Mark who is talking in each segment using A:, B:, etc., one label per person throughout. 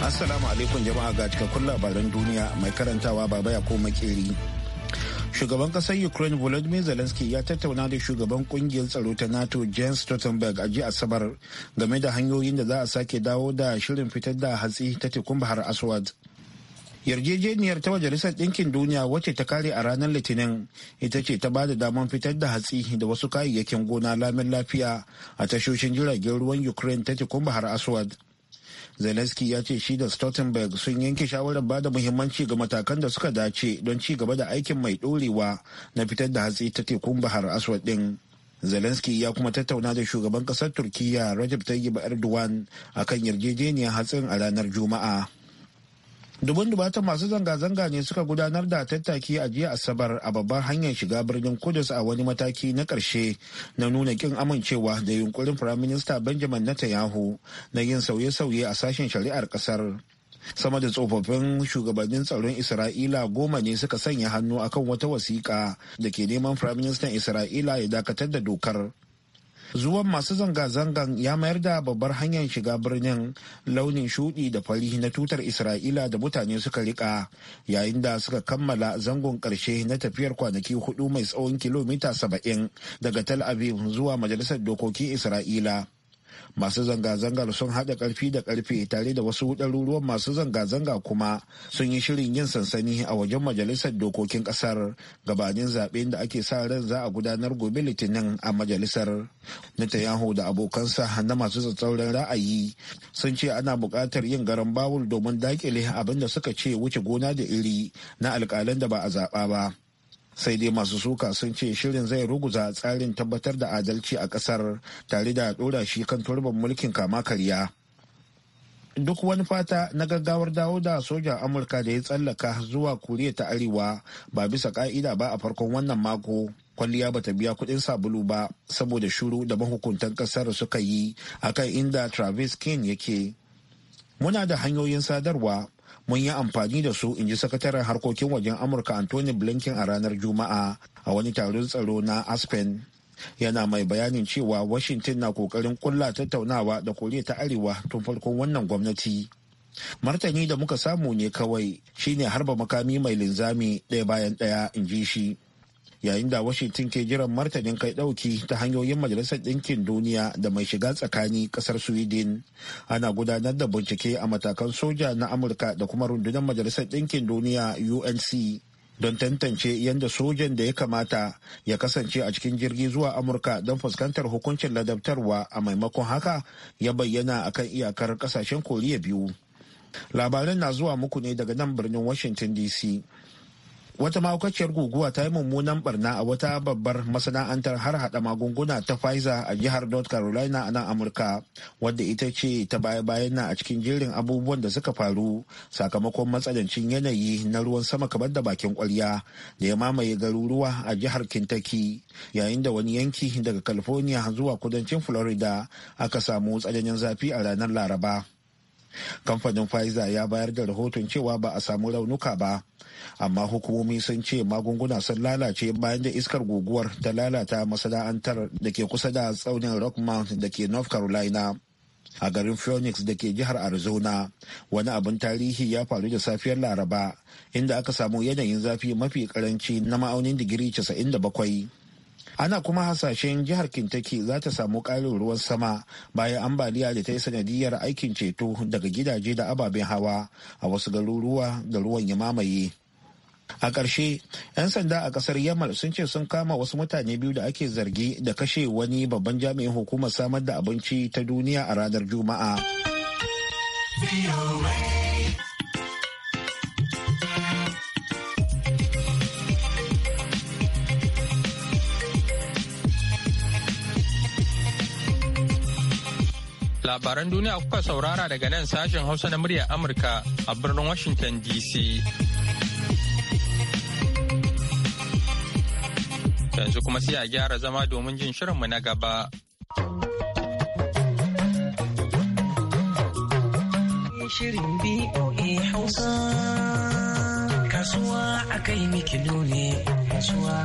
A: Assalamu alaikum jama'a ga cikakkun labaran duniya mai karantawa baba ya ko makeri. Shugaban kasar Ukraine Volodymyr Zelensky ya tattauna da shugaban kungiyar tsaro ta NATO Jens Stoltenberg a jiya Asabar game da hanyoyin da za a sake dawo da shirin fitar da hatsi ta tekun Bahar Aswad. Yarjejeniyar ta Majalisar Ɗinkin Duniya wacce ta kare a ranar Litinin ita ce ta ba da damar fitar da hatsi da wasu kayayyakin gona lamin lafiya a tashoshin jiragen ruwan Ukraine ta tekun Bahar Aswad. zelensky ya ce shi da stoltenberg sun yanke shawarar ba da muhimmanci ga matakan da suka dace don ci gaba da aikin mai dorewa na fitar da hatsi ta tekun bahar aswad din zelensky ya kuma tattauna da shugaban kasar turkiya rajab tayyip erdogan akan yarjejeniyar hatsin a ranar juma'a dubun dubatan masu zanga-zanga ne suka gudanar da tattaki a jiya asabar a babban hanyar shiga birnin kudus a wani mataki na ƙarshe na nuna kin amincewa da yunkurin firaminista benjamin netanyahu na yin sauye-sauye a sashen shari'ar ƙasar sama da tsofaffin shugabannin tsaron isra'ila goma ne suka sanya hannu akan wata wasiƙa da ke neman firaministan isra'ila ya dakatar da dokar zuwan masu zanga-zangan ya mayar da babbar hanyar shiga birnin launin shuɗi da fari na tutar isra'ila da mutane suka rika yayin da suka kammala zangon ƙarshe na tafiyar kwanaki hudu mai tsawon kilomita saba'in daga tel aviv zuwa majalisar dokokin isra'ila masu zanga-zangar sun haɗa karfi da karfe tare da wasu ɗaruruwan masu zanga-zanga kuma sun yi shirin yin sansani a wajen majalisar dokokin ƙasar gabanin zaɓen da ake sa ran za a gudanar gobe litinin a majalisar netanyahu da abokansa na masu tsatsauran ra'ayi sun ce ana buƙatar yin garan bawul domin daƙile abin da suka ce wuce gona da iri na alƙalan da ba a zaɓa ba sai dai masu suka sun ce shirin zai ruguza tsarin tabbatar da adalci a kasar tare da dora shi kan turban mulkin kama karya duk wani fata na gaggawar dawo da sojan amurka da ya tsallaka zuwa koriya ta arewa ba bisa ka'ida ba a farkon wannan mako kwalliya ba ta biya kudin sabulu ba saboda shuru da mahukuntan kasar suka yi akan inda travis king yake muna da hanyoyin sadarwa mun yi amfani da su in ji sakataren harkokin wajen amurka anthony blinken a ranar juma'a a wani taron tsaro na aspen yana mai bayanin cewa washington na kokarin kulla tattaunawa da koriya ta arewa tun farkon wannan gwamnati martani da muka samu ne kawai shine harba makami mai linzami ɗaya bayan ɗaya in ji shi yayin da washington ke jiran martanin kai dauki ta hanyoyin majalisar ɗinkin duniya da mai shiga tsakani ƙasar sweden ana gudanar da bincike a matakan soja na amurka da kuma rundunar majalisar ɗinkin duniya unc don tantance yadda sojan da ya kamata ya kasance a cikin jirgi zuwa amurka don fuskantar hukuncin ladabtarwa a maimakon haka ya bayyana akan iyakar kasashen koriya biyu labaran na zuwa muku ne daga nan birnin washington dc wata mahaukaciyar guguwa ta yi mummunan barna a wata babbar masana'antar har hada magunguna ta Pfizer a jihar North Carolina a nan Amurka wadda ita ce ta baya-bayan na a cikin jerin abubuwan da suka faru sakamakon matsalancin yanayi na ruwan sama kamar da bakin kwarya da ya mamaye garuruwa a jihar Kentucky yayin da wani yanki daga California zuwa kudancin Florida aka samu tsananin zafi a ranar Laraba. kamfanin pfizer ya bayar da rahoton cewa ba a samu raunuka ba amma hukumomi sun ce magunguna sun lalace bayan da iskar guguwar ta lalata masana'antar da ke kusa da tsaunin rock mount da ke north carolina a garin phoenix da ke jihar arizona wani abin tarihi ya faru da safiyar laraba inda aka samu yanayin zafi mafi karanci na ma'aunin digiri 97 ana kuma hasashen jihar kentucky za ta samu ƙarin ruwan sama bayan ambaliya da ta yi sanadiyar aikin ceto daga gidaje da ababen hawa a wasu garuruwa da ruwan ya mamaye a ƙarshe 'yan sanda a ƙasar yamal sun ce sun kama wasu mutane biyu da ake zargi da kashe wani babban jami'in hukumar samar da abinci ta duniya a ranar juma'a
B: labaran duniya kuka saurara daga nan sashen hausa na muryar amurka a birnin washington dc yanzu kuma sai a gyara zama domin jin shirinmu na gaba.
C: Shirin
D: BOA Hausa, kasuwa akai mikilo ne, kasuwa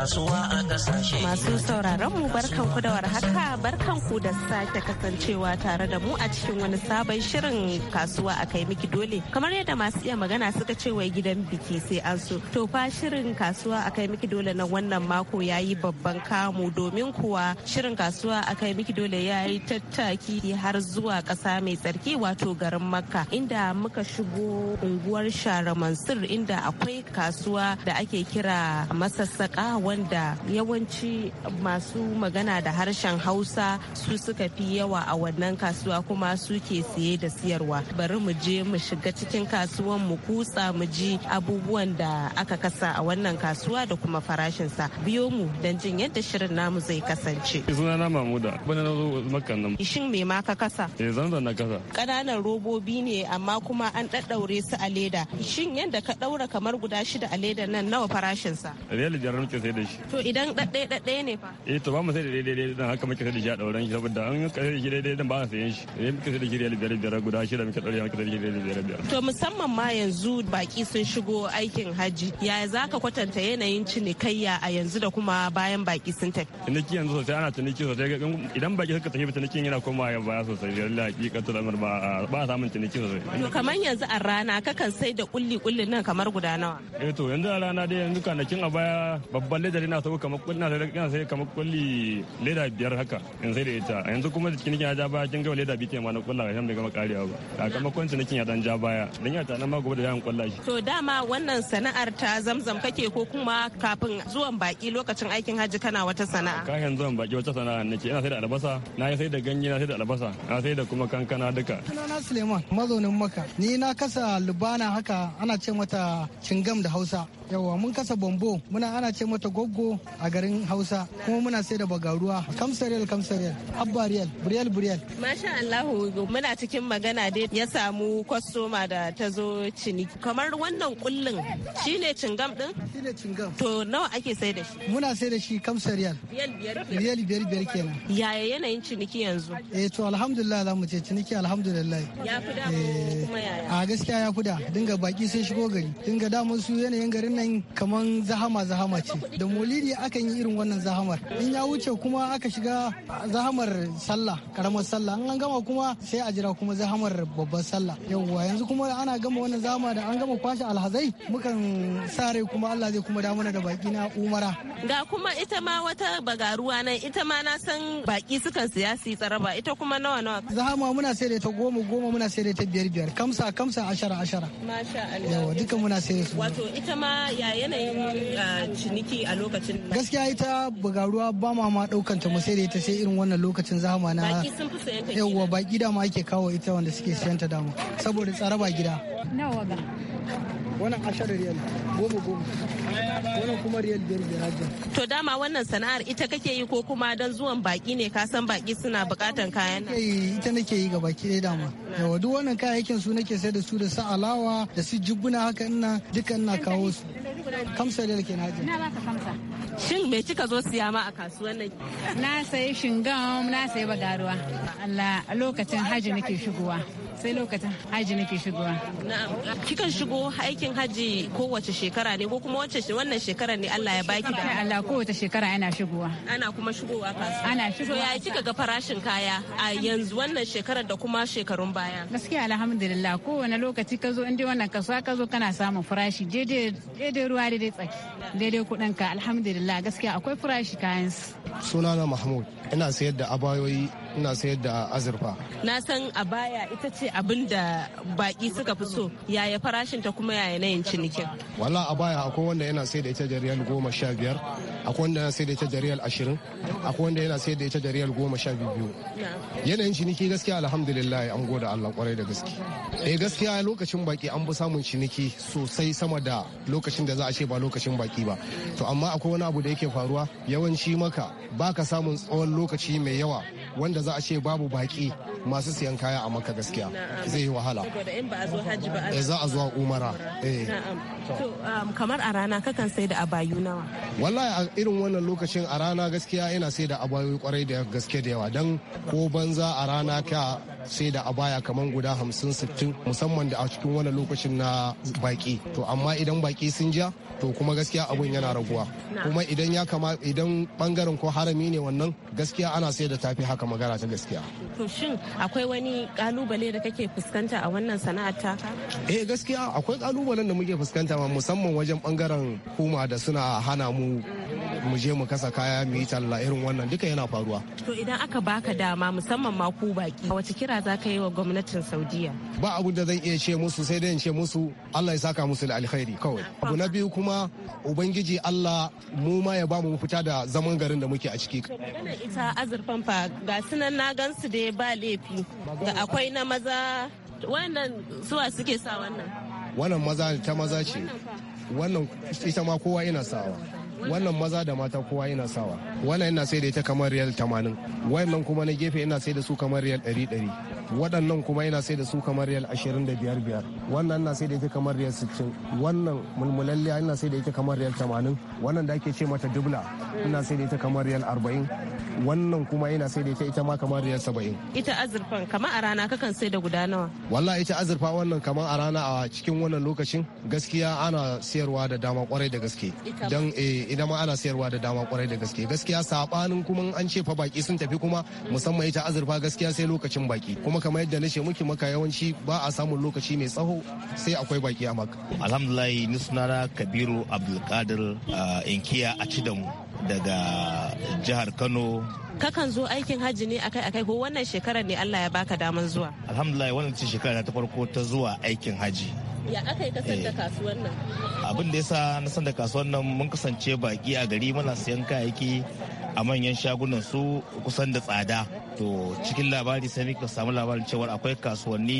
D: kasuwa a kasashe. Masu sauraron mu barkanku da warhaka ku da sake kasancewa tare da mu a cikin wani sabon shirin kasuwa a kai miki dole. Kamar yadda masu iya magana suka ce wai gidan biki sai an so. To fa shirin kasuwa a kai miki dole na wannan mako ya yi babban kamu domin kuwa shirin kasuwa a kai miki dole ya yi tattaki har zuwa kasa mai tsarki wato garin Makka inda muka shigo unguwar Shara Mansur inda akwai kasuwa da ake kira masassaka wanda yawanci masu magana da harshen hausa su suka fi yawa a wannan kasuwa kuma su ke siye da siyarwa bari mu je mu shiga cikin kasuwan mu kutsa mu ji abubuwan da aka kasa a wannan kasuwa da kuma farashinsa biyo mu don jin yadda shirin namu zai
E: kasance sunana mamuda bana na zo makan nan shin me ma ka kasa eh na kasa
D: kananan robobi ne amma kuma an daddaure su a leda shin yadda ka daura kamar guda shida a leda nan nawa farashinsa
E: riyal jarar muke sai da shi.
D: To idan ɗaɗɗe ɗaɗɗe ne fa?
E: Eh to ba mu sai da daidai daidai dan haka muke sai da shi a ɗauran shi saboda an ka sai da shi daidai dan ba a sayan shi. Idan eh, muke sai da shi riyal biyar biyar guda shida muke ɗauri muke sai da shi riyal biyar biyar.
D: To musamman ma yanzu baki sun shigo aikin hajji yaya za ka kwatanta yanayin cinikayya a yanzu da kuma bayan baki sun tafi.
E: Ciniki yanzu sosai ana ciniki sosai idan baki suka tafi cinikin yana koma ya baya sosai lallai hakikatul amr ba ba samun ciniki sosai. To kamar
D: yanzu a rana kakan sai da kulli kullin nan kamar guda nawa.
E: Eh to yanzu a rana dai yanzu kanakin a baya babban da na sau kamar kulli na sai kamar kulli leda biyar haka in sai da ita a yanzu kuma da cikin nikin ya ja baya kin ga leda biyu ma na kulla ga gama karewa ba sakamakon nikin ya dan ja baya dan ya nan ma gobe da yan kulla shi
D: to dama wannan sana'ar ta zamzam kake ko kuma kafin zuwan baki lokacin aikin hajji kana wata sana'a
E: kafin zuwan baki wata sana'a nake ina sai da albasa na sai da ganye na sai da albasa na sai da kuma kankana duka
C: sunana Suleiman mazaunin Makka ni na kasa lubana haka ana ce mata cingam da Hausa yawa mun kasa bombo muna ana ce mata goggo a garin hausa kuma muna sai da bagaruwa kamsariyal kamsariyal Riyal buriyal buriyal
D: masha allahu muna cikin magana dai ya samu kwastoma da ta zo ciniki kamar wannan kullun shine cingam din shine cingam to nawa ake sai da shi
C: muna sai da shi kamsariyal Riyal biyar biyar kenan
D: yaya yanayin ciniki yanzu
C: eh to alhamdulillah zamu mu ce ciniki alhamdulillah
D: ya fi eh, kuma yaya
C: a gaskiya ya fi dinga baki sai shigo gari dinga damun su yanayin garin nan kaman zahama zahama ce da moliri akan yi irin wannan zahamar in ya wuce kuma aka shiga zahamar sallah karamar sallah an gama kuma sai a jira kuma zahamar babbar sallah yauwa yanzu kuma ana gama wannan zahama da an gama kwashe alhazai mukan sa rai kuma Allah zai kuma damuna da baki na umara
D: ga kuma ita ma wata bagaruwa nan ita ma na san
C: baki sukan siya su tsaraba ita kuma nawa nawa zahama muna sai da ta goma goma muna sai da ta biyar biyar kamsa kamsa ashara ashara
D: masha Allah yauwa duka
C: muna sai da su wato
D: ita ma ya yanayin ah, ciniki a lokacin
C: gaskiya ita ruwa ba ma ma daukan ta sai da ita sai irin wannan lokacin zama na yawwa baki da ma ake kawo ita wanda suke siyan ta dama saboda ba gida nawa ga wannan ashirin riyal goma goma wannan kuma riyal biyar biyar
D: to dama wannan sana'ar ita kake yi ko kuma don zuwan baki ne ka san baki suna bukatan kayan nan
C: ita nake yi ga baki ɗaya dama yawa duk wannan kayayyakin su nake sai da su da su alawa da su jibbuna haka ina duka ina kawo su Kamsa da ke naji.
D: Na baka kamsa. Shin me kika zo siya ma a kasuwar nan? Na sayi shingam, na sayi bagaruwa.
C: Allah a lokacin hajji nake shigowa.
D: sai lokacin haji nake shigowa kikan shigo aikin haji kowace shekara ne ko kuma wacce wannan shekara ne Allah ya baki da Allah kowace shekara ana shigowa ana kuma shigowa kasu. ana shigowa ya kika ga farashin kaya a yanzu wannan shekarar da kuma shekarun baya gaskiya alhamdulillah kowane lokaci ka zo inda wannan kasuwa ka zo kana samun farashi daidai ruwa daidai tsaki daidai kuɗin ka alhamdulillah gaskiya akwai farashi kayan
F: sunana mahmud ina sayar da abayoyi ina sayar da azurfa
D: na san a baya ita ce abin da baki suka fi so yaya farashin ta kuma yaya nayin cinikin
F: wala a baya akwai wanda yana sayar da ita da goma sha biyar akwai wanda yana sayar da ita da ashirin akwai wanda yana sayar da ita da goma sha biyu yanayin ciniki gaskiya alhamdulillah an goda allah kwarai da gaske eh gaskiya lokacin baki an fi samun ciniki sosai sama da lokacin da za a ce ba lokacin baki ba to amma akwai wani abu da yake faruwa yawanci maka baka samun tsawon lokaci mai yawa wanda da za a ce babu baki masu siyan kaya a maka gaskiya zai yi wahala eh, za a zuwa umara eh.
D: um, kamar a rana kakan sai da abayu nawa
F: wallahi a irin wannan lokacin a rana gaskiya ina sai da abayu kwarai da gaske da yawa don ko banza a rana ka sai da a baya kamar guda hamsin sittin musamman da a cikin wani lokacin na baki to amma idan baki sun ja to kuma gaskiya abun yana raguwa kuma idan ya kama idan bangaren ko harami ne wannan gaskiya ana sai da tafi haka magana ta gaskiya
D: to shin akwai wani kalubale da kake fuskanta a wannan sana'ar taka
F: eh gaskiya akwai kalubalen da muke fuskanta musamman wajen bangaren kuma da suna hana mu mu je mu kasa kaya mu yi talla irin wannan duka yana faruwa
D: to idan aka baka dama musamman ma ku baki wace kira za ka yi wa gwamnatin saudiya
F: ba abun da zan iya ce musu sai dai in ce musu allah ya saka musu da alkhairi kawai abu na biyu kuma ubangiji allah mu ma ya bamu fita da zaman garin da muke a ciki
D: ita azurfan fa ga sunan na gansu da ba laifi ga akwai na maza wannan suwa suke sa wannan
F: wannan maza ta maza ce wannan ita ma kowa yana sawa wannan maza da mata kowa yana sawa wannan yana sai da ita kamar riyal 80 wannan kuma na gefe yana sai da su kamar riyal 100 waɗannan kuma yana sai da su kamar riyal ashirin da biyar biyar wannan na sai da ita kamar riyal sittin wannan mulmulalliya ina sai da ita kamar riyal tamanin wannan da ake ce mata dubla ina sai da ita kamar riyal arba'in wannan kuma yana sai da ita ita ma kamar riyal saba'in.
D: ita azurfan kamar a rana kakan sai da guda nawa.
F: walla ita azurfa wannan kamar a rana a cikin wannan lokacin gaskiya ana siyarwa da dama kwarai da gaske don idan eh, ma ana siyarwa da dama kwarai da gaske gaskiya sabanin kuma an ce fa baki sun tafi kuma musamman ita azurfa gaskiya sai lokacin baki kuma kuma kamar yadda na ce muke maka yawanci ba a samun lokaci mai tsaho sai akwai baki a maka
E: alhamdulahi ni sunana kabiru abdulkadir uh, inkiya a cidamu daga jihar kano
D: kakan zo aikin hajji ne akai-akai ko wannan shekarar ne allah ya baka daman zuwa
E: alhamdulillah wannan ce shekara ta farko ta zuwa aikin hajji
D: ya aka yi kasar da eh. kasuwan nan
E: abin da ya sa na san da kasuwan nan mun kasance baki a gari mana sayan kayayyaki a manyan shagunan su kusan da tsada to cikin labari sai muka samu labarin cewa akwai kasuwanni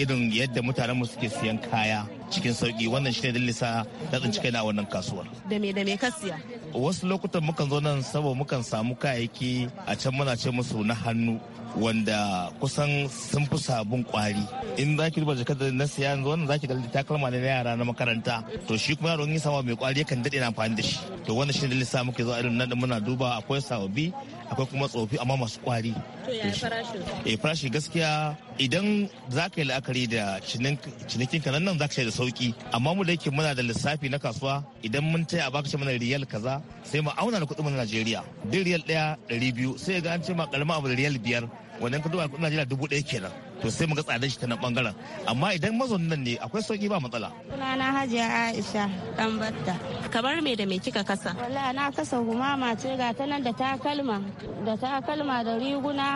E: irin yadda mutanen mu suke siyan kaya cikin sauki wannan shine sa na tsinci kai na wannan kasuwar
D: da me da me ka siya
E: wasu lokutan mukan zo nan saboda mukan samu kayayyaki a can muna ce musu na hannu wanda kusan sun fi sabon kwari in za ki duba jakar da na siya yanzu wannan za ki dalilin takalma ne na yara na makaranta to shi kuma yaro in yi sama mai kwari yakan daɗe na amfani da shi to wannan shi ne lissa muke zuwa irin nan muna duba akwai sababi. akwai kuma tsofi amma masu kwari to ya eh farashi gaskiya idan za ka yi la'akari da cinikin kanan nan za ka da sauki amma mu da yake muna da lissafi na kasuwa idan mun taya a baka ce mana riyal kaza sai mu auna da kuɗin mu na Najeriya duk riyal ɗaya ɗari biyu sai ga an ce ma ƙaramin abu da riyal biyar wannan ka duba kuɗin Najeriya dubu ɗaya kenan to sai mu ga tsadar shi ta nan bangaren amma idan mazaunin ne akwai sauki ba matsala
D: sunana hajiya aisha dan batta kamar me da me kika kasa wallahi na kasa gumama ce ga ta nan da takalma da takalma da riguna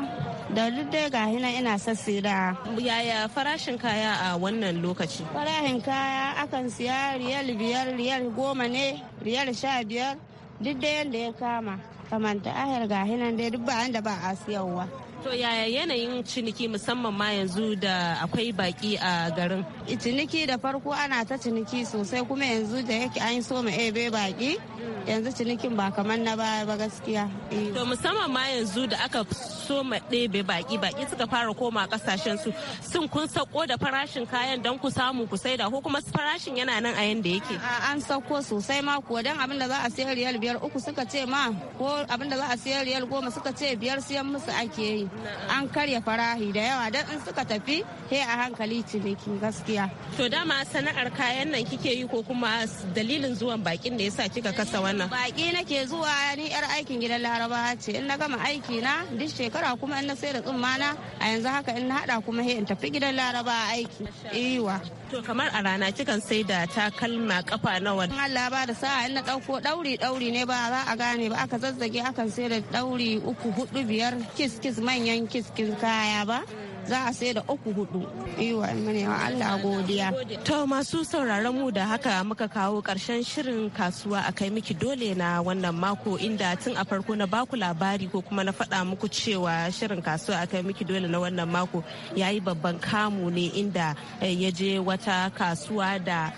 D: da duk dai ga hina ina sassira yaya farashin kaya a wannan lokaci farashin kaya akan siya riyal biyar riyal goma ne riyal sha biyar duk da yadda ya kama kamanta ahir ga hinan dai duk ba da ba a siyarwa To yaya yanayin ciniki musamman ma yanzu da akwai baki a garin? Ciniki da farko ana ta ciniki sosai kuma yanzu da yake an so mu ebe baki yanzu cinikin ba kamar na ba ba gaskiya. Eh. To musamman ma yanzu da aka so mu ebe baki baki suka fara koma kasashen su sun kun sako da farashin kayan don ku samu ku saida ko kuma farashin yana nan a yanda yake. An sako sosai ma kuwa don abin da za a sayar riyal biyar uku suka ce ma ko abin da za a sayar riyal goma suka ce biyar siyan musu ake yi. an karya farahi da yawa don in suka tafi he a hankali ciniki gaskiya to dama sana'ar kayan nan kike yi ko kuma dalilin zuwan bakin da yasa kika kasa wannan baki nake zuwa ni yar aikin gidan laraba ce in na gama aiki na duk shekara kuma in na sai da tsumma na a yanzu haka in na hada kuma he in tafi gidan laraba aiki iwa To kamar a rana kikan sai da kalma kafa nawa. Allah ba da sa'a na ɗauko ɗauri ɗauri ne ba za a gane ba aka zazzage akan sai da ɗauri uku hudu biyar kis kis manyan kis kis kaya ba. za a sai da uku hudu iwa wa Allah godiya to masu sauraron mu da haka muka kawo karshen shirin kasuwa a kai miki dole na wannan mako inda tun a farko na baku labari ko kuma na faɗa muku cewa shirin kasuwa a kai miki dole na wannan mako ya yi babban kamu ne inda eh, ya je wata kasuwa da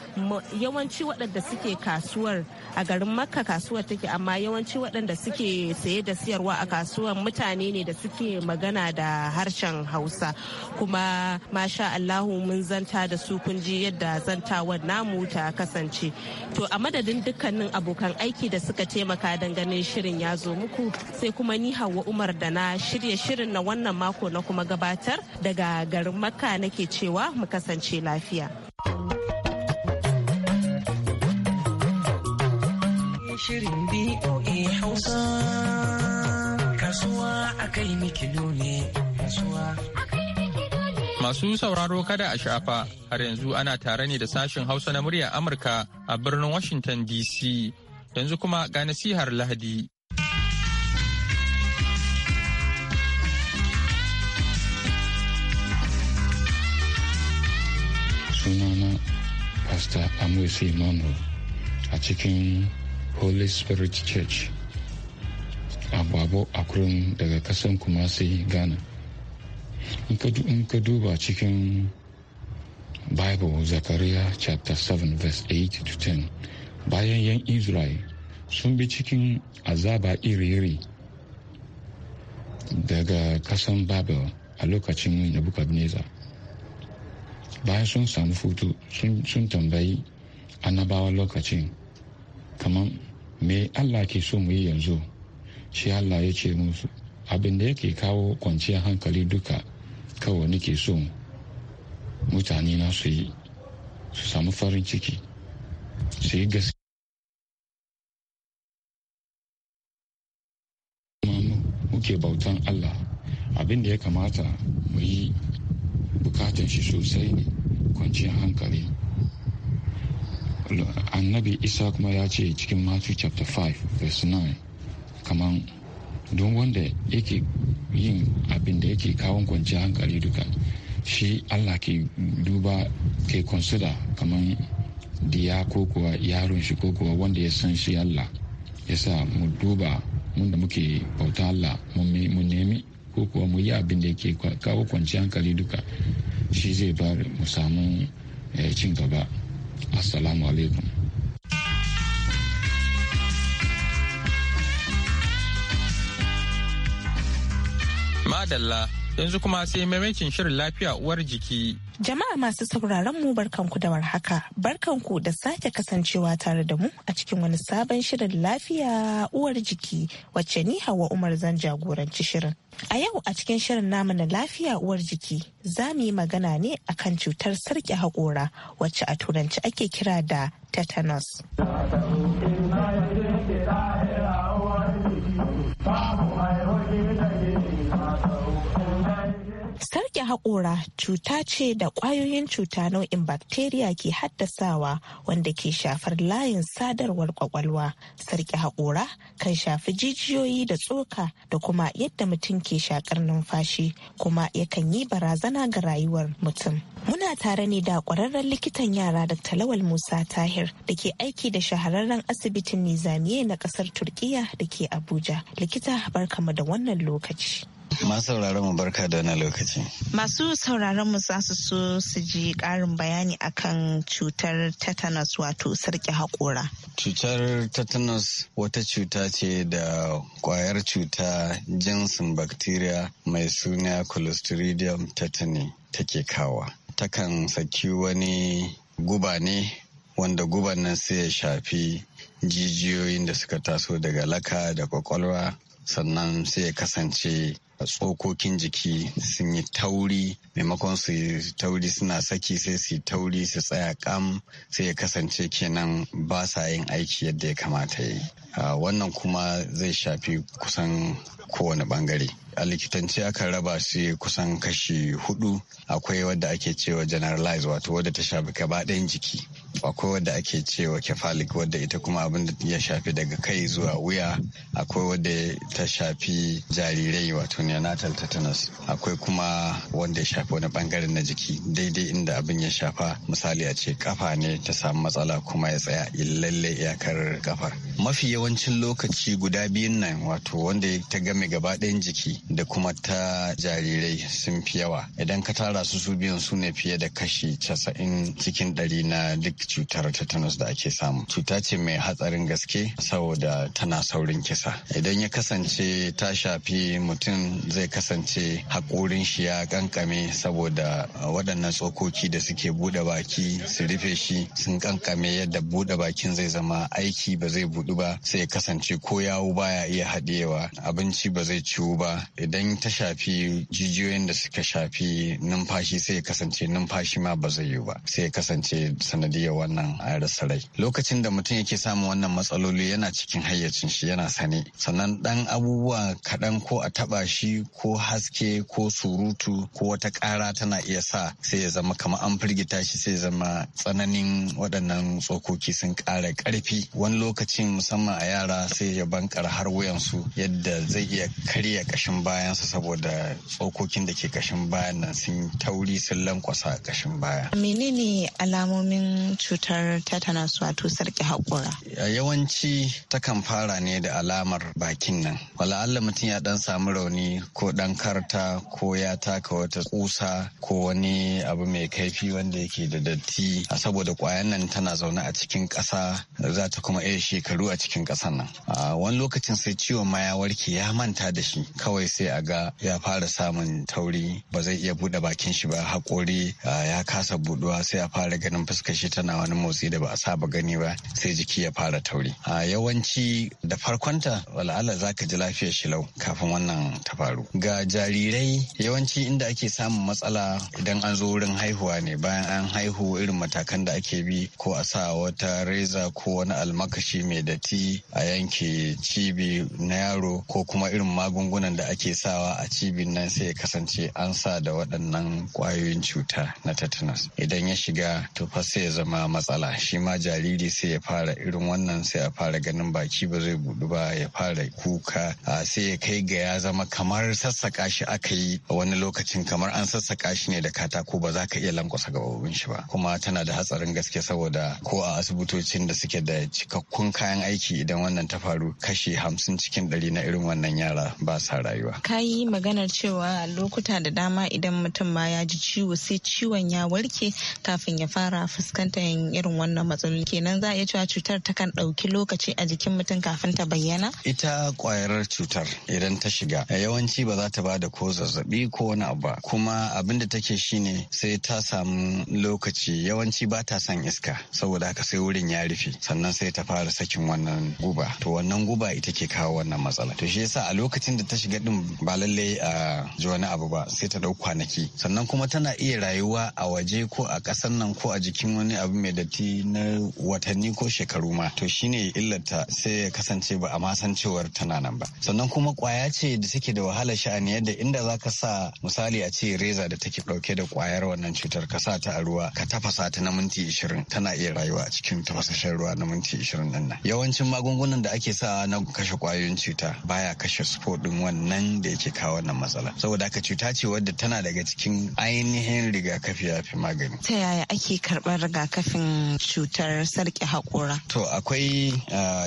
D: yawanci waɗanda suke kasuwar a garin makka kasuwar take amma yawanci waɗanda suke saye da siyarwa a kasuwar mutane ne da suke magana da harshen hausa kuma masha Allahu mun zanta da su kun ji yadda zantawar namu ta kasance. To a madadin dukkanin abokan aiki da suka taimaka don ganin shirin ya zo muku sai kuma ni Hauwa Umar da na shirye shirin na wannan mako na kuma gabatar daga garin Makka nake cewa mu kasance lafiya. Shirin BOA Hausa kasuwa akai mikilo ne kasuwa
B: Masu sauraro kada a shafa, har yanzu ana tare ne da sashen Hausa na muryar Amurka a birnin Washington DC. Yanzu kuma ga nasihar Lahadi.
G: Sunana Pastor Amusi Emmanuel a cikin Holy Spirit Church a Babo Akurun daga kasan Kumasi, Ghana. in ka duba cikin bible zakariya chapter 7 verse 8 to 10 bayan yan israel sun bi cikin azaba iri-iri daga kasan babel a lokacin nebuchadnezzar bayan sun samu futu sun tambayi anabawa lokacin kamar me allah ke so mu yi yanzu shi allah ya ce musu abinda da yake kawo kwanciyar hankali duka kawai nake so mutane na su yi su samu farin ciki su yi gaske muke bautan allah abin da ya kamata mu yi bukatan shi sosai ne kwanciyar hankali annabi isa kuma ya ce cikin matthew chapter 5 verse 9 kamar don wanda yake yin abin da yake kawon kwanci hankali duka shi allah ke duba ke consider kamar diya ko kuwa yaron shi ko kuwa wanda ya san shi allah ya sa mu duba mun da muke bauta allah mu nemi ko mu yi abin da yake kawo kwanciyar hankali duka shi zai bari mu samu eh, cin gaba assalamu alaikum
B: Madalla yanzu kuma sai maimakin shirin lafiya uwar jiki.
D: Jama'a masu sauraron mu barkanku da warhaka. Barkanku da sake kasancewa tare da mu a cikin wani sabon shirin lafiya uwar jiki wacce ni Hawa Umar zan jagoranci shirin. A yau a cikin shirin namu na lafiya uwar jiki za mu yi magana ne akan cutar sarki haƙora wacce a turanci ake kira da tetanus. hakora cuta ce da ƙwayoyin cuta nau'in bakteriya ke haddasawa wanda ke shafar layin sadarwar ƙwaƙwalwa. Sarki haƙora kan shafi jijiyoyi da tsoka da kuma yadda mutum ke shakar numfashi kuma yakan yi barazana ga rayuwar mutum. Muna tare ne da ƙwararren likitan yara da Talawal Musa Tahir da ke aiki da shahararren asibitin Nizamiye na ƙasar Turkiya da ke Abuja. Likita barkamu da wannan
H: lokaci. Masu sauraron mu barka da wani lokaci.
D: Masu sauraron mu za su so su ji ƙarin bayani akan cutar tetanus wato sarki haƙora.
H: Cutar tetanus wata cuta ce da ƙwayar cuta jinsin bacteria mai suna Clostridium tetani take kawa. Takan saki wani guba ne wanda guban nan sai ya shafi jijiyoyin da suka taso daga laka da kwakwalwa sannan sai ya kasance tsokokin jiki sun yi tauri maimakon su yi tauri suna saki sai su yi tauri su tsaya kam sai ya kasance kenan ba sa yin aiki yadda ya kamata yi wannan kuma zai shafi kusan kowane bangare a likitance aka raba su kusan kashi hudu akwai wadda ake cewa generalize wato wadda ta shafi gaba jiki akwai wadda ake cewa kefalik wadda ita kuma abin da ya shafi daga kai zuwa wuya akwai wadda ta shafi jarirai wato neonatal tetanus akwai kuma wanda ya shafi wani bangaren na jiki daidai inda abin ya shafa misali a ce kafa ne ta samu matsala kuma ya tsaya lalle iyakar kafar mafi yawancin lokaci guda biyun nan wato wanda ta game gaba ɗayan jiki da kuma ta jarirai sun fi yawa idan ka tara su su biyan su ne fiye da kashi casa'in cikin ɗari na duk cutar tetanus da ake samu cuta ce mai hatsarin gaske saboda tana saurin kisa idan ya kasance ta shafi mutum zai kasance haƙorin shi ya kankame saboda uh, waɗannan tsokoki da suke buɗe baki su rufe shi sun kankame yadda buɗe bakin zai zama aiki ba zai buɗu ba sai ya kasance ko yawu baya iya haɗewa abinci ba zai ciwu ba idan ta shafi jijiyoyin da suka shafi numfashi sai ya kasance numfashi ma ba zai yiwu ba sai ya kasance sanadiyar wannan rasa rai lokacin da mutum yake samun wannan matsaloli yana cikin hayyacin shi yana sane sannan dan abubuwa kaɗan ko a taba shi ko haske ko surutu ko wata ƙara tana iya sa sai ya zama kamar an firgita shi sai ya zama tsananin waɗannan tsokoki sun ƙara ƙarfi wani lokacin musamman a yara sai ya bankar har wuyansu yadda zai iya karya ƙashin bayansa saboda tsokokin da ke ƙashin bayan nan sun tauri sun lankwasa ƙashin baya
D: menene alamomin cutar tetanus wato sarki haƙura.
H: Yawanci takan fara ne da alamar bakin nan. Wala'alla mutum ya dan samu rauni ko dan karta ko ya taka wata kusa ko wani abu mai kaifi wanda yake da datti saboda kwayan nan tana zaune a cikin ƙasa za ta kuma iya shekaru a cikin ƙasan nan. Wani lokacin sai ciwon ma ya warke ya manta da shi kawai sai a ga ya fara samun tauri ba zai iya buɗe bakin shi ba haƙori ya kasa buɗuwa sai a fara ganin fuskar shi tana tana wani motsi da ba a saba gani ba sai jiki ya fara tauri a yawanci da farkonta wala'ala za ka ji lafiyar lau kafin wannan ta faru ga jarirai yawanci inda ake samun matsala idan an zo wurin haihuwa ne bayan an haihu irin matakan da ake bi ko a sa wata reza ko wani almakashi mai datti a yanke cibi na yaro ko kuma irin magungunan da ake sawa a cibin nan sai ya kasance an sa da waɗannan ƙwayoyin cuta na tetanus idan ya shiga to fa sai ya zama ma matsala shi ma jariri sai ya fara irin wannan sai a fara ganin baki ba zai budu ba ya fara kuka sai ya kai ga ya zama kamar sassaka shi aka yi wani lokacin kamar an sassaka shi ne da katako ba za ka iya lankwasa gababin shi ba kuma tana da hatsarin gaske saboda ko a asibitocin da suke da cikakkun kayan aiki idan wannan ta faru kashi hamsin cikin ɗari na irin wannan yara ba sa rayuwa. ka
D: yi maganar cewa lokuta da dama idan mutum ma ya ji ciwo sai ciwon ya warke kafin ya fara fuskantar yin irin wannan matsaloli kenan za a iya cewa cutar ta kan ɗauki lokaci a jikin mutum kafin ta bayyana?
H: Ita kwayar cutar idan ta shiga yawanci ba za ta ba da ko zazzabi ko wani abu ba kuma abin da take ne sai ta samu lokaci yawanci ba ta son iska saboda haka sai wurin ya rufe sannan sai ta fara sakin wannan guba to wannan guba ita ke kawo wannan matsala to shi yasa a lokacin da ta shiga din ba lallai a ji wani abu ba sai ta dau kwanaki sannan kuma tana iya rayuwa a waje ko a ƙasan nan ko a jikin wani abu mai datti na watanni ko shekaru ma to shine illarta sai ya kasance ba a masan cewar tana nan ba sannan kuma kwaya ce da suke da wahala sha'ani yadda inda za ka sa misali a ce reza da take dauke da kwayar wannan cutar ka sa ta a ruwa ka tafasa ta na minti 20 tana iya rayuwa a cikin tafasashen ruwa na minti 20 din nan yawancin magungunan da ake sa na kashe kwayoyin cuta baya kashe sport din wannan da yake kawo wannan matsala saboda haka cuta ce wadda tana daga cikin ainihin rigakafi ya fi magani
D: ta yaya ake karɓar rigakafi rigakafin cutar sarki hakora.
H: To akwai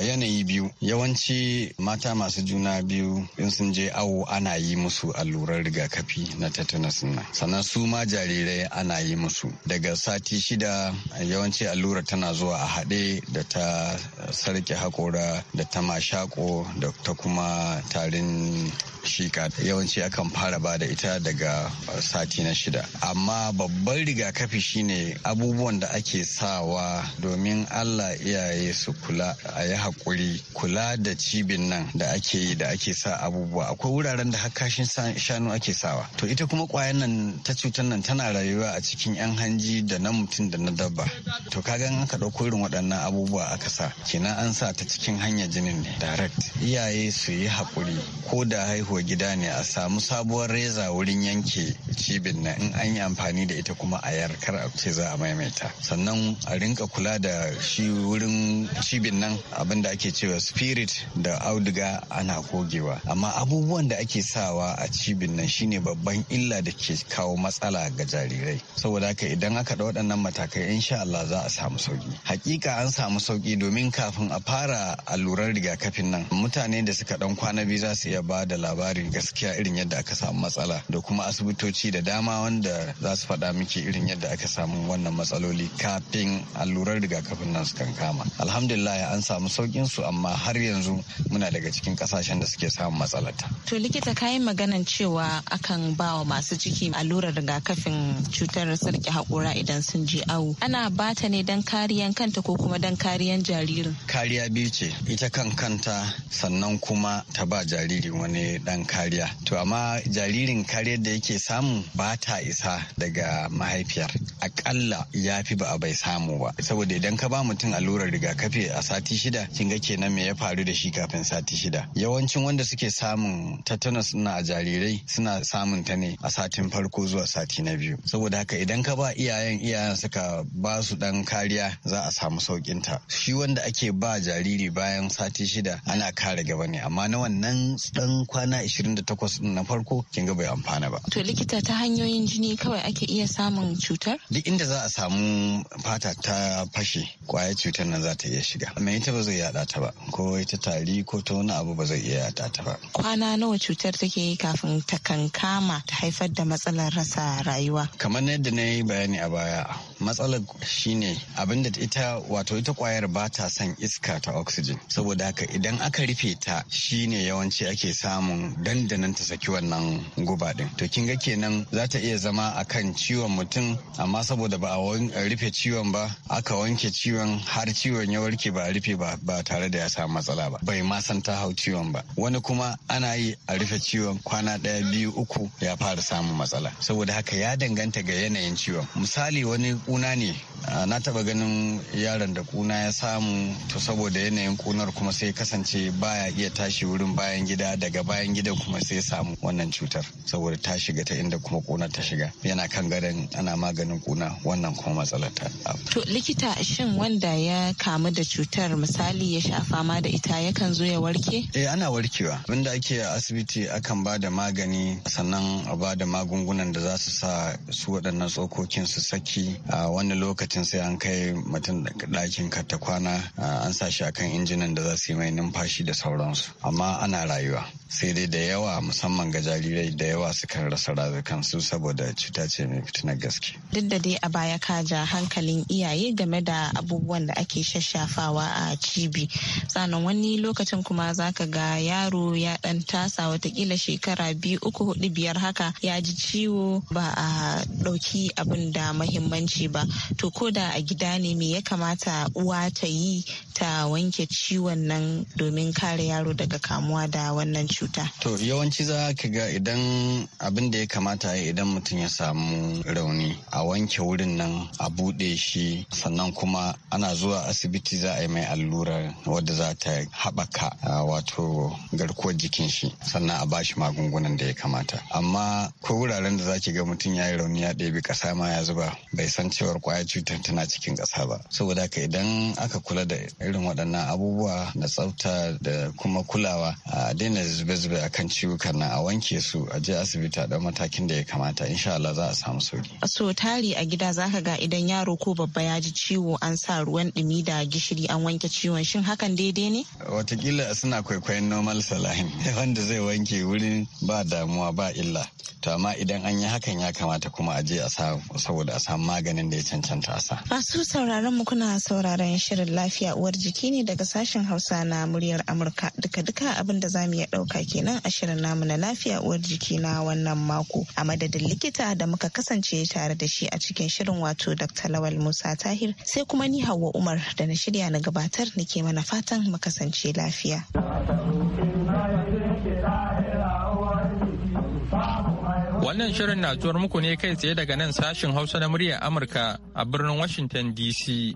H: yanayi biyu yawanci mata masu juna biyu in sun je awo ana yi musu allurar rigakafi na tetanus nan sannan su ma jarirai ana yi musu daga sati shida yawanci allura tana zuwa a haɗe da ta sarki hakora da ta mashako da ta kuma tarin shika yawanci akan fara ba da ita daga uh, sati na shida amma babban rigakafi shine abubuwan da ake sawa domin allah iyaye su kula a yi haƙuri kula da cibin nan da ake yi da ake sa abubuwa akwai wuraren da hakashin shanu ake sawa to ita kuma kwayan nan ta cutar nan tana rayuwa a cikin yan hanji da na mutum da na dabba to kaga gan aka ɗauko irin waɗannan abubuwa aka sa kina an sa ta cikin hanyar jinin ne direct iyaye su yi haƙuri ko da haihu haihuwa gida ne a samu sabuwar reza wurin yanke cibin nan in an yi amfani da ita kuma a yarkar a ce za a maimaita sannan a rinka kula da shi wurin cibin nan abinda ake cewa spirit da auduga ana kogewa amma abubuwan da ake sawa a cibin nan shine babban illa da ke kawo matsala ga jarirai saboda haka idan aka da waɗannan matakai insha Allah za a samu sauki hakika an samu sauki domin kafin a fara allurar rigakafin nan mutane da suka dan kwana biyu za su iya ba da labarin labari gaskiya irin yadda aka samu matsala da kuma asibitoci da dama wanda za su faɗa miki irin yadda aka samu wannan matsaloli kafin allurar rigakafin nan su kan kama alhamdulillah an samu saukin su amma har yanzu muna daga cikin kasashen da suke samun matsalata
D: to likita kayan maganan cewa akan ba wa masu ciki allurar rigakafin cutar sarki haƙura idan sun je awo ana bata ne don kariyan kanta ko kuma don kariyan jaririn
H: kariya biyu ce ita kan kanta sannan kuma ta ba jariri wani dan kariya to amma jaririn kariyar da yake samu ba ta isa daga mahaifiyar akalla ya fi ba a bai samu ba saboda idan ka ba mutum allurar rigakafi a sati shida kin ga kenan me ya faru da shi kafin sati shida yawancin wanda suke samun tetanus na a jarirai suna samun ta ne a satin farko zuwa sati na biyu saboda haka idan ka ba iyayen iyayen suka ba su dan kariya za a samu saukin ta shi wanda ake ba jariri bayan sati shida ana kare gaba ne amma na wannan dan kwana 28 din na farko kin ga bai amfana ba. To
D: likita ta hanyoyin jini kawai ake iya samun cutar?
H: Duk inda za a samu fata ta fashe kwayar cutar nan za ta iya shiga. Amma ita ba zai yada ta ba ko ita tari ko ta wani abu ba zai iya yada ta ba.
D: Kwana nawa cutar take yi kafin ta kankama ta haifar da matsalar rasa rayuwa?
H: Kamar yadda na yi bayani a baya matsalar shine abinda ita wato ita kwayar ba ta son iska ta oxygen saboda haka idan aka rufe ta shine yawanci ake samun dandanan ta saki wannan guba din to kin ga kenan za ta iya zama a kan ciwon mutum amma saboda ba a rufe ciwon ba aka wanke ciwon har ciwon ya warke ba a rufe ba ba tare da ya samu matsala ba bai ma san ta hau ciwon ba wani kuma ana yi a rufe ciwon kwana ɗaya biyu uku ya fara samun matsala saboda haka ya danganta ga yanayin ciwon misali wani kuna ne na taba ganin yaron da kuna ya samu to saboda yanayin kunar kuma sai kasance baya iya tashi wurin bayan gida daga bayan gida gidan kuma sai samu wannan cutar saboda ta shiga ta inda kuma ƙunar ta shiga yana kan gadon ana maganin ƙuna wannan kuma matsalar ta
D: to likita shin wanda ya kamu da cutar misali ya sha fama da ita yakan zo ya warke
H: eh ana warkewa abinda ake a asibiti akan ba da magani sannan a ba da magungunan da za su sa su waɗannan tsokokin su saki a wani lokacin sai an kai mutum ɗakin ta kwana an sa shi akan injinan da za su yi mai numfashi da sauransu amma ana rayuwa sai dai da yawa musamman ga jarirai da yawa sukan rasa rayukansu saboda cuta ce mai fitinar gaske.
D: Duk da dai a baya ka ja hankalin iyaye game da abubuwan da ake shashafawa a cibi. Sannan wani lokacin kuma zaka ga yaro ya dan tasa watakila shekara biyu uku hudu biyar haka ya ji ciwo ba a ɗauki abin da mahimmanci ba. To ko da a gida ne me ya kamata uwa ta yi ta wanke ciwon nan domin kare yaro daga kamuwa da wannan cuta.
H: To yawanci za ka ga idan abin da ya kamata ya idan mutum ya samu rauni a wanke wurin nan a buɗe shi sannan kuma ana zuwa asibiti za a yi mai allurar wadda za ta haɓaka wato garkuwar jikin shi sannan a bashi magungunan da ya kamata. Amma ko wuraren da za ki ga mutum ya yi rauni ya ɗebi ƙasa ma ya zuba bai san cewar kwaya cutar tana cikin ƙasa ba. Saboda haka idan aka kula da irin waɗannan abubuwa da tsafta da kuma kulawa a daina zube-zube a kan ciwukan nan a wanke su a je asibiti a ɗau matakin da ya kamata insha Allah za a samu sauki.
D: So tari a gida za ka ga idan yaro ko babba ya ji ciwo an sa ruwan ɗumi da gishiri an wanke ciwon shin hakan daidai ne?
H: Watakila suna kwaikwayon normal salahin wanda zai wanke wurin ba damuwa ba illa. To amma idan an yi hakan ya kamata kuma a je a saboda a samu maganin da ya cancanta a sa.
D: Masu sauraron mu kuna sauraron shirin lafiya uwar jiki ne daga sashen Hausa na muryar Amurka duka-duka abin da za mu iya ɗauka kenan. kenan ashirin namu na lafiya uwar jiki na wannan mako a madadin likita da muka kasance tare da shi a cikin shirin wato Dr. Lawal Musa Tahir sai kuma ni Hauwa Umar da na shirya na gabatar nake mana fatan mu kasance lafiya.
B: Wannan shirin na muku ne kai tsaye daga nan sashin Hausa na muryar Amurka a birnin Washington DC.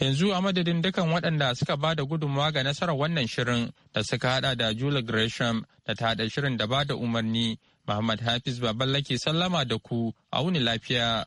B: Yanzu a madadin dukan waɗanda suka ba da gudunmawa ga nasarar wannan shirin da suka hada da Julie Gresham da ta hada shirin da ba da umarni Muhammad Hafiz Baballake sallama da ku a wuni lafiya.